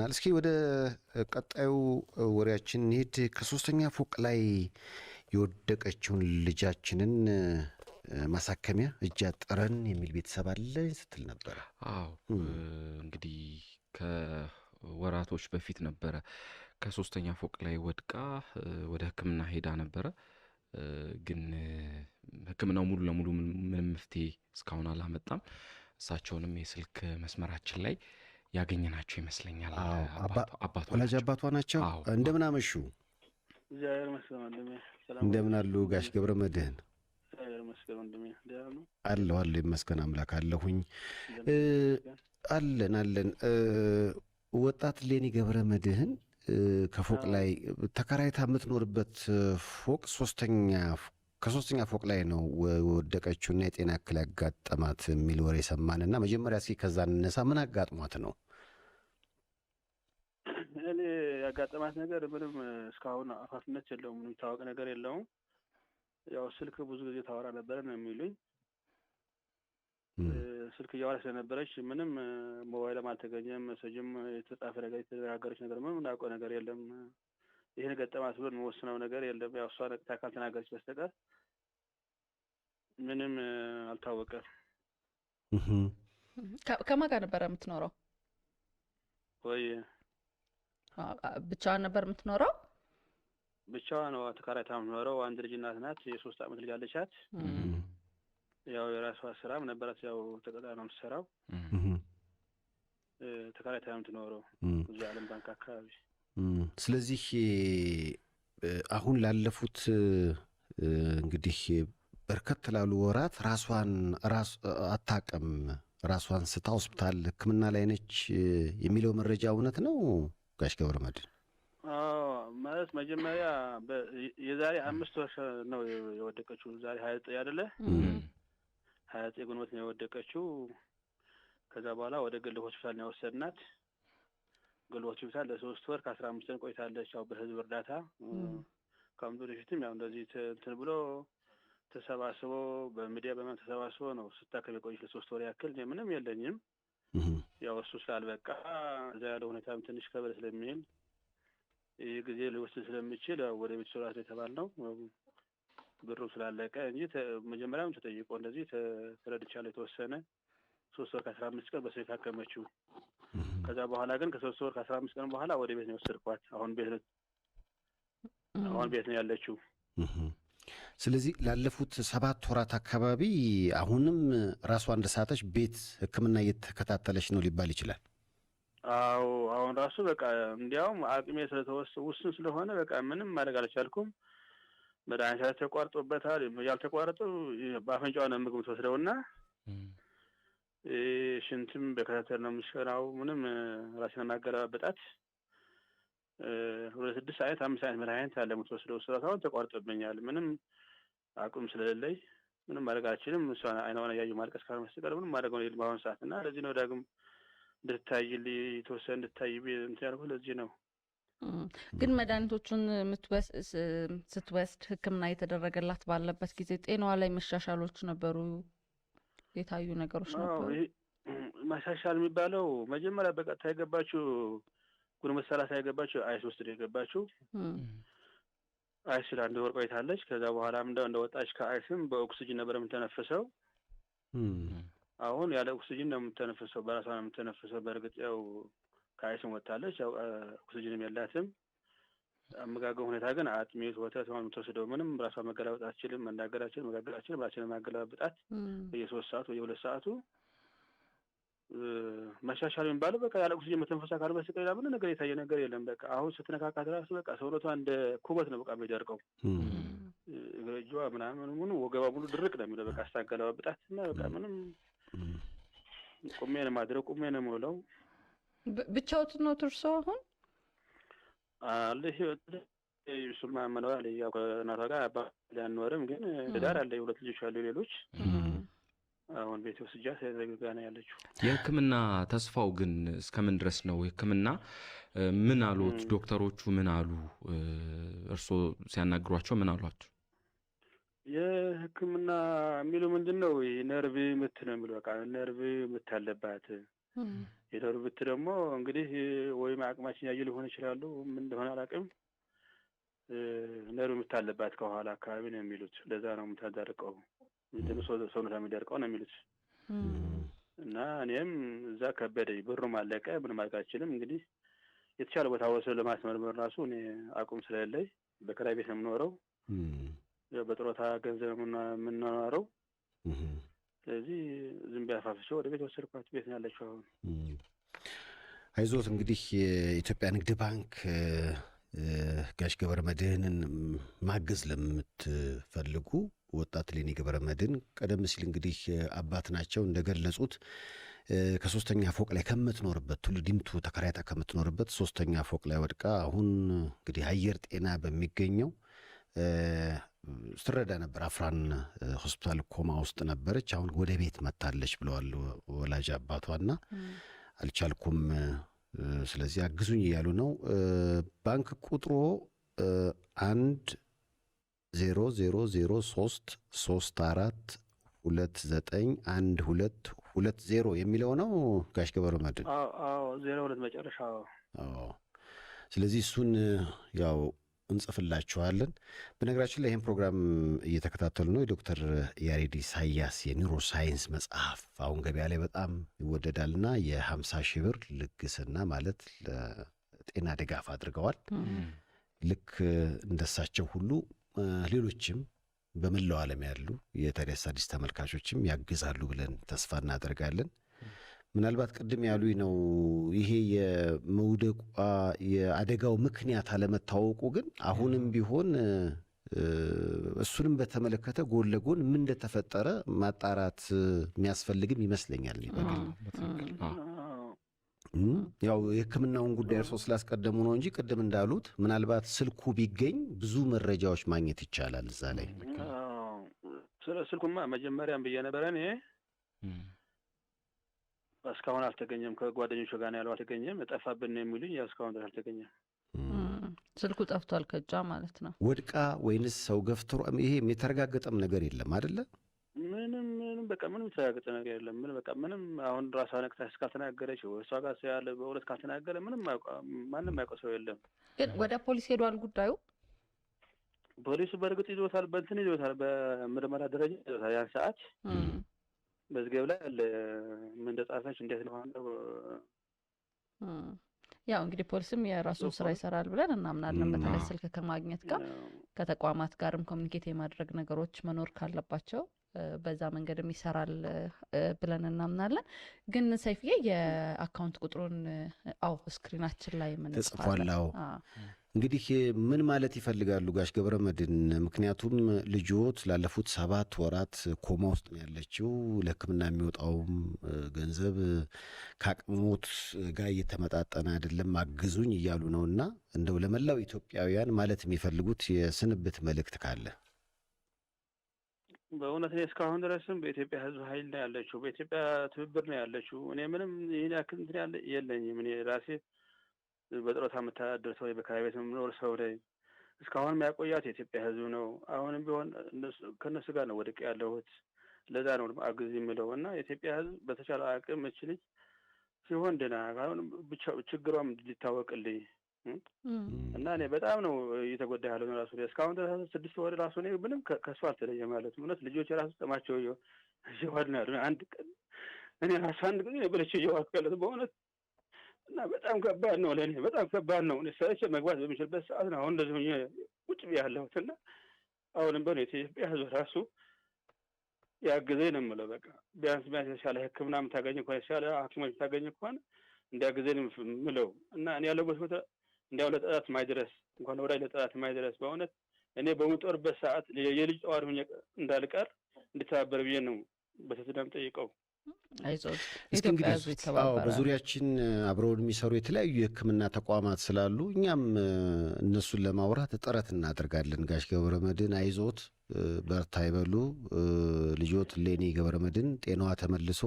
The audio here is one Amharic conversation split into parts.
ናል እስኪ ወደ ቀጣዩ ወሬያችን እንሂድ። ከሶስተኛ ፎቅ ላይ የወደቀችውን ልጃችንን ማሳከሚያ እጃ አጠረን የሚል ቤተሰብ አለ ስትል ነበረ። አዎ እንግዲህ ከወራቶች በፊት ነበረ ከሶስተኛ ፎቅ ላይ ወድቃ ወደ ሕክምና ሄዳ ነበረ። ግን ሕክምናው ሙሉ ለሙሉ ምንም መፍትሄ እስካሁን አላመጣም። እሳቸውንም የስልክ መስመራችን ላይ ናቸው ይመስለኛል። ወላጅ አባቷ ናቸው። እንደምን አመሹ? እንደምን አሉ ጋሽ ገብረ መድህን? አለሁ አለሁ፣ ይመስገን አምላክ አለሁኝ። አለን አለን። ወጣት ሌኒ ገብረ መድህን ከፎቅ ላይ ተከራይታ የምትኖርበት ፎቅ ሶስተኛ ከሶስተኛ ፎቅ ላይ ነው ወደቀችውና የጤና እክል ያጋጠማት የሚል ወሬ ሰማንና መጀመሪያ እስኪ ከዛ እንነሳ። ምን አጋጥሟት ነው? እኔ ያጋጠማት ነገር ምንም እስካሁን አፋፍነት የለውም፣ የሚታወቅ ነገር የለውም። ያው ስልክ ብዙ ጊዜ ታወራ ነበረ ነው የሚሉኝ። ስልክ እያወራ ስለነበረች ምንም ሞባይልም አልተገኘም፣ መሰጅም የተጻፈ ነገር የተነጋገረች ነገር ምንም እናውቀው ነገር የለም ይህን ገጠማት ብሎ የምወስነው ነገር የለም። ያው እሷ ነቅታ ካልተናገረች በስተቀር ምንም አልታወቀም። ከማን ጋር ነበረ የምትኖረው? ወይ ብቻዋን ነበር የምትኖረው? ነው ተከራይታ የምትኖረው። አንድ ልጅ እናት ናት። የሶስት ዓመት ልጅ አለቻት። ያው የራሷ ስራም ነበራት። ያው ተቀጥራ ነው የምትሰራው። ተከራይታ የምትኖረው እዚያ ዓለም ባንክ አካባቢ ስለዚህ አሁን ላለፉት እንግዲህ በርከት ላሉ ወራት ራሷን አታቀም ራሷን ስታ ሆስፒታል ሕክምና ላይ ነች የሚለው መረጃ እውነት ነው ጋሽ ገብረ መድን ማለት መጀመሪያ የዛሬ አምስት ወር ነው የወደቀችው። ዛሬ ሀያ ዘጠኝ አይደለ? ሀያ ዘጠኝ ግንቦት ነው የወደቀችው። ከዛ በኋላ ወደ ገለ ሆስፒታል ነው የወሰድናት። ግልቦት ሆስፒታል ለሶስት ወር ከአስራ አምስት ቀን ቆይታለች። ያው በህዝብ እርዳታ ከምጡ በፊትም ያው እንደዚህ እንትን ብሎ ተሰባስቦ በሚዲያ በምን ተሰባስቦ ነው ስታከም የቆየች ለሶስት ወር ያክል። ምንም የለኝም ያው እሱ ስላልበቃ እዛ ያለው ሁኔታም ትንሽ ከበድ ስለሚል ይህ ጊዜ ሊወስድ ስለሚችል ወደ ቤት ሶላት ነው ብሩ ስላለቀ እንጂ መጀመሪያም ተጠይቆ እንደዚህ ተረድቻለሁ የተወሰነ ሶስት ወር ከአስራ አምስት ቀን በሰው የታከመችው ከዛ በኋላ ግን ከሶስት ወር ከአስራ አምስት ቀን በኋላ ወደ ቤት ነው የወሰድኳት። አሁን ቤት ነው አሁን ቤት ነው ያለችው። ስለዚህ ላለፉት ሰባት ወራት አካባቢ አሁንም ራሷ እንደ ሳተች ቤት ሕክምና እየተከታተለች ነው ሊባል ይችላል። አዎ አሁን ራሱ በቃ እንዲያውም አቅሜ ስለተወሰነ ውስን ስለሆነ በቃ ምንም ማድረግ አልቻልኩም። መድኃኒት ተቋርጦበታል። ያልተቋረጡ በአፈንጫዋ ነው ምግብ ትወስደውና ሽንትም በከታተል ነው የምሰራው። ምንም ራሴን ማገለባበጣት ሁለት ስድስት አይነት አምስት አይነት መድኃኒት አለ የምትወስደው ስራታውን ተቋርጦብኛል። ምንም አቅም ስለሌለኝ ምንም ማድረግ አልችልም። እሷ አይናዋን እያዩ ማልቀስ ካልሆነ መስቀል ምንም ማድረግ የለም በአሁኑ ሰዓት እና ለዚህ ነው ዳግም እንድትታይ የተወሰነ እንድትታይልኝ እንትን ያልኩህ ለዚህ ነው። ግን መድኃኒቶቹን ስትወስድ ሕክምና የተደረገላት ባለበት ጊዜ ጤናዋ ላይ መሻሻሎች ነበሩ? የታዩ ነገሮች ነበሩ። ማሻሻል የሚባለው መጀመሪያ በቀጥታ የገባችው ግንቦት ሰላሳ የገባችው አይስ ውስጥ ነው የገባችው። አይስ አንድ ወር ቆይታለች። ከዛ በኋላም እንደወጣች ከአይስም በኦክስጅን ነበር የምተነፍሰው። አሁን ያለ ኦክስጅን ነው የምተነፍሰው፣ በራሷ ነው የምተነፍሰው። በእርግጥ ያው ከአይስም ወጥታለች፣ ኦክስጅንም የላትም። አመጋገብ ሁኔታ ግን አጥሚት፣ ወተት ሆን የምትወስደው ምንም ራሷ መገላበጥ አትችልም። መናገር አትችልም። መጋገር አትችልም። ራችን ማገላበጣት በየሶስት ሰዓቱ በየሁለት ሰዓቱ መሻሻል የሚባለው በቃ ያለ ኦክሲጅን መተንፈሳ አካል በስተቀር ሌላ ምንም ነገር የታየ ነገር የለም። በቃ አሁን ስትነካካት ራሱ በቃ ሰውነቷ እንደ ኩበት ነው በቃ የሚደርቀው እጇ ምናምን ምኑ ወገባ ሙሉ ድርቅ ነው የሚለው በቃ ስታገላበጣት እና በቃ ምንም ቁሜ ነው ማድረግ ቁሜ ነው የምውለው። ብቻውት ነው ትርሶ አሁን ህይወት እሱን ማመነው አለ ያው ከእናቷ ጋር አባ ሊያኖርም ግን ትዳር አለ ሁለት ልጆች አሉ ሌሎች አሁን ቤት ወስጃ ተዘግጋ ነው ያለችው። የሕክምና ተስፋው ግን እስከምን ድረስ ነው? ሕክምና ምን አሉት ዶክተሮቹ? ምን አሉ እርስዎ ሲያናግሯቸው ምን አሏቸው? የሕክምና የሚሉ ምንድን ነው ነርቭ ምት ነው የሚሉ በቃ ነርቭ ምት አለባት የዶሮ ብት ደግሞ እንግዲህ ወይም አቅማችን ያዩ ሊሆን ይችላሉ። ምን እንደሆነ አላውቅም። ነሩ የምታለባት ከኋላ አካባቢ ነው የሚሉት። ለዛ ነው የምታደርቀው ሰውነታ የሚደርቀው ነው የሚሉት እና እኔም እዛ ከበደኝ። ብሩ አለቀ። ምንም ማድረግ አልችልም። እንግዲህ የተሻለ ቦታ ወስዶ ለማስመርመር ራሱ እኔ አቁም ስለሌለኝ በከራይ ቤት ነው የምኖረው። በጥሮታ ገንዘብ የምናኖረው ስለዚህ ዝም ቢያፋፍሶ ወደ ቤት ወሰድኳት። ቤት ነው ያለችው አሁን። አይዞት እንግዲህ የኢትዮጵያ ንግድ ባንክ ጋሽ ገብረ መድህንን ማገዝ ለምትፈልጉ ወጣት ሌኒ ገብረ መድህን ቀደም ሲል እንግዲህ አባት ናቸው እንደገለጹት ከሶስተኛ ፎቅ ላይ ከምትኖርበት ቱሉ ዲምቱ ተከራይታ ከምትኖርበት ሶስተኛ ፎቅ ላይ ወድቃ አሁን እንግዲህ አየር ጤና በሚገኘው ስረዳ ነበር። አፍራን ሆስፒታል ኮማ ውስጥ ነበረች። አሁን ወደ ቤት መታለች ብለዋል ወላጅ አባቷና አልቻልኩም፣ ስለዚህ አግዙኝ እያሉ ነው። ባንክ ቁጥሮ አንድ ዜሮ ዜሮ ዜሮ ሶስት ሶስት አራት ሁለት ዘጠኝ አንድ ሁለት ሁለት ዜሮ የሚለው ነው። ጋሽ ገበረ መድን ዜሮ ሁለት መጨረሻ። ስለዚህ እሱን ያው እንጽፍላችኋለን። በነገራችን ላይ ይህን ፕሮግራም እየተከታተሉ ነው የዶክተር ያሬድ ኢሳያስ የኒውሮ ሳይንስ መጽሐፍ አሁን ገበያ ላይ በጣም ይወደዳልና የሀምሳ ሺህ ብር ልግስና ማለት ለጤና ድጋፍ አድርገዋል። ልክ እንደሳቸው ሁሉ ሌሎችም በመላው ዓለም ያሉ የቴሬሳ አዲስ ተመልካቾችም ያግዛሉ ብለን ተስፋ እናደርጋለን። ምናልባት ቅድም ያሉ ነው ይሄ የመውደቁ የአደጋው ምክንያት አለመታወቁ ግን አሁንም ቢሆን እሱንም በተመለከተ ጎን ለጎን ምን እንደተፈጠረ ማጣራት የሚያስፈልግም ይመስለኛል። ያው የሕክምናውን ጉዳይ እርሶ ስላስቀደሙ ነው እንጂ ቅድም እንዳሉት ምናልባት ስልኩ ቢገኝ ብዙ መረጃዎች ማግኘት ይቻላል እዛ ላይ። ስለ ስልኩማ መጀመሪያም ብዬ ነበር እኔ እስካሁን አልተገኘም። ከጓደኞች ጋር ያለው። አልተገኘም። እጠፋብን ነው የሚሉኝ። ያው እስካሁን ድረስ አልተገኘም። ስልኩ ጠፍቷል ከእጇ ማለት ነው። ወድቃ ወይንስ ሰው ገፍትሮ? ይሄ የተረጋገጠም ነገር የለም አይደለ? ምንም ምንም በቃ ምንም የተረጋገጠ ነገር የለም። ምን በቃ ምንም አሁን ራሷ ነቅታ ካልተናገረች እሷ ጋር ሰው ያለ በእውነት ካልተናገረ ምንም ማንም ያውቀው ሰው የለም። ግን ወደ ፖሊስ ሄዷል ጉዳዩ። ፖሊሱ በእርግጥ ይዞታል፣ በእንትን ይዞታል፣ በምርመራ ደረጃ ይዞታል ያን ሰዓት መዝገብ ላይ አለ እንደጻፈች እንዴት ለሆነ ያው እንግዲህ ፖሊስም የራሱን ስራ ይሰራል ብለን እናምናለን። በተለይ ስልክ ከማግኘት ጋር ከተቋማት ጋርም ኮሚኒኬት የማድረግ ነገሮች መኖር ካለባቸው በዛ መንገድም ይሰራል ብለን እናምናለን። ግን ሰይፍዬ የአካውንት ቁጥሩን አው ስክሪናችን ላይ ምን እንግዲህ ምን ማለት ይፈልጋሉ ጋሽ ገብረ መድን? ምክንያቱም ልጆት ላለፉት ሰባት ወራት ኮማ ውስጥ ነው ያለችው። ለሕክምና የሚወጣውም ገንዘብ ከአቅሞት ጋር እየተመጣጠነ አይደለም፣ አግዙኝ እያሉ ነው እና እንደው ለመላው ኢትዮጵያውያን ማለት የሚፈልጉት የስንብት መልእክት ካለ በእውነት እኔ እስካሁን ድረስም በኢትዮጵያ ሕዝብ ኃይል ነው ያለችው፣ በኢትዮጵያ ትብብር ነው ያለችው። እኔ ምንም ይህን ያክል እንትን ያለ የለኝም እኔ ራሴ በጥሮታ የምተዳደር ሰው ላይ፣ ቤት የምኖር ሰው ላይ እስካሁንም ያቆያት የኢትዮጵያ ህዝብ ነው። አሁንም ቢሆን ከእነሱ ጋር ነው ወድቄ ያለሁት። ለዛ ነው አግዝ የምለው እና የኢትዮጵያ ህዝብ በተቻለ አቅም እች ልጅ ሲሆን ደህና ችግሯም ሊታወቅልኝ እና እኔ በጣም ነው እየተጎዳ ያለ ነው ራሱ እስካሁን ስድስት ወር ራሱ እኔ ምንም ከእሱ አልተለየ ማለት እውነት ልጆች የራሱ ጥማቸው እየዋል ነው ያሉ አንድ ቀን እኔ ራሱ አንድ ጊዜ በለችው እየዋል በእውነት እና በጣም ከባድ ነው ለእኔ በጣም ከባድ ነው። ሰርቼ መግባት በሚችልበት ሰዓት ነው አሁን እንደዚህ ሆኜ ቁጭ ብዬ ያለሁት እና አሁንም በሆነ ኢትዮጵያ ሕዝብ ራሱ ያግዘኝ ነው የምለው። በቃ ቢያንስ ቢያንስ የተሻለ ሕክምና የምታገኝ ከሆነ የተሻለ ሐኪሞች የምታገኝ ከሆነ እንዲያግዘኝ ነው የምለው እና እኔ ያለበት ቦታ እንዲያው ለጠላት ማይድረስ እንኳን ወዳጅ ለጠላት ማይድረስ በእውነት እኔ በምጦርበት ሰዓት የልጅ ጠዋሪ ሆኜ እንዳልቀር እንድተባበር ብዬ ነው በትህትና ጠይቀው እስኪ በዙሪያችን አብረውን የሚሰሩ የተለያዩ የሕክምና ተቋማት ስላሉ እኛም እነሱን ለማውራት ጥረት እናደርጋለን። ጋሽ ገብረ መድን አይዞት፣ በርታ ይበሉ ልጆት። ሌኒ ገብረ መድን ጤናዋ ተመልሶ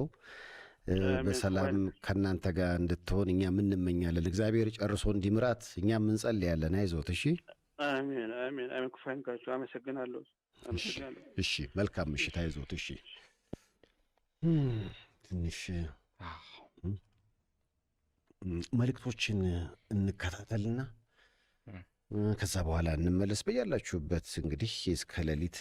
በሰላም ከእናንተ ጋር እንድትሆን እኛም እንመኛለን። እግዚአብሔር ጨርሶ እንዲምራት እኛም እንጸልያለን። አይዞት። እሺ፣ አሜን፣ አሜን፣ አሜን። ክፉ አይንካችሁ። አመሰግናለሁ። እሺ፣ መልካም ምሽት። አይዞት። እሺ አሜን አሜን አሜን አመሰግናለሁ እሺ መልካም ምሽት አይዞት እሺ ትንሽ መልእክቶችን እንከታተልና ከዛ በኋላ እንመለስ። በያላችሁበት እንግዲህ እስከ ሌሊት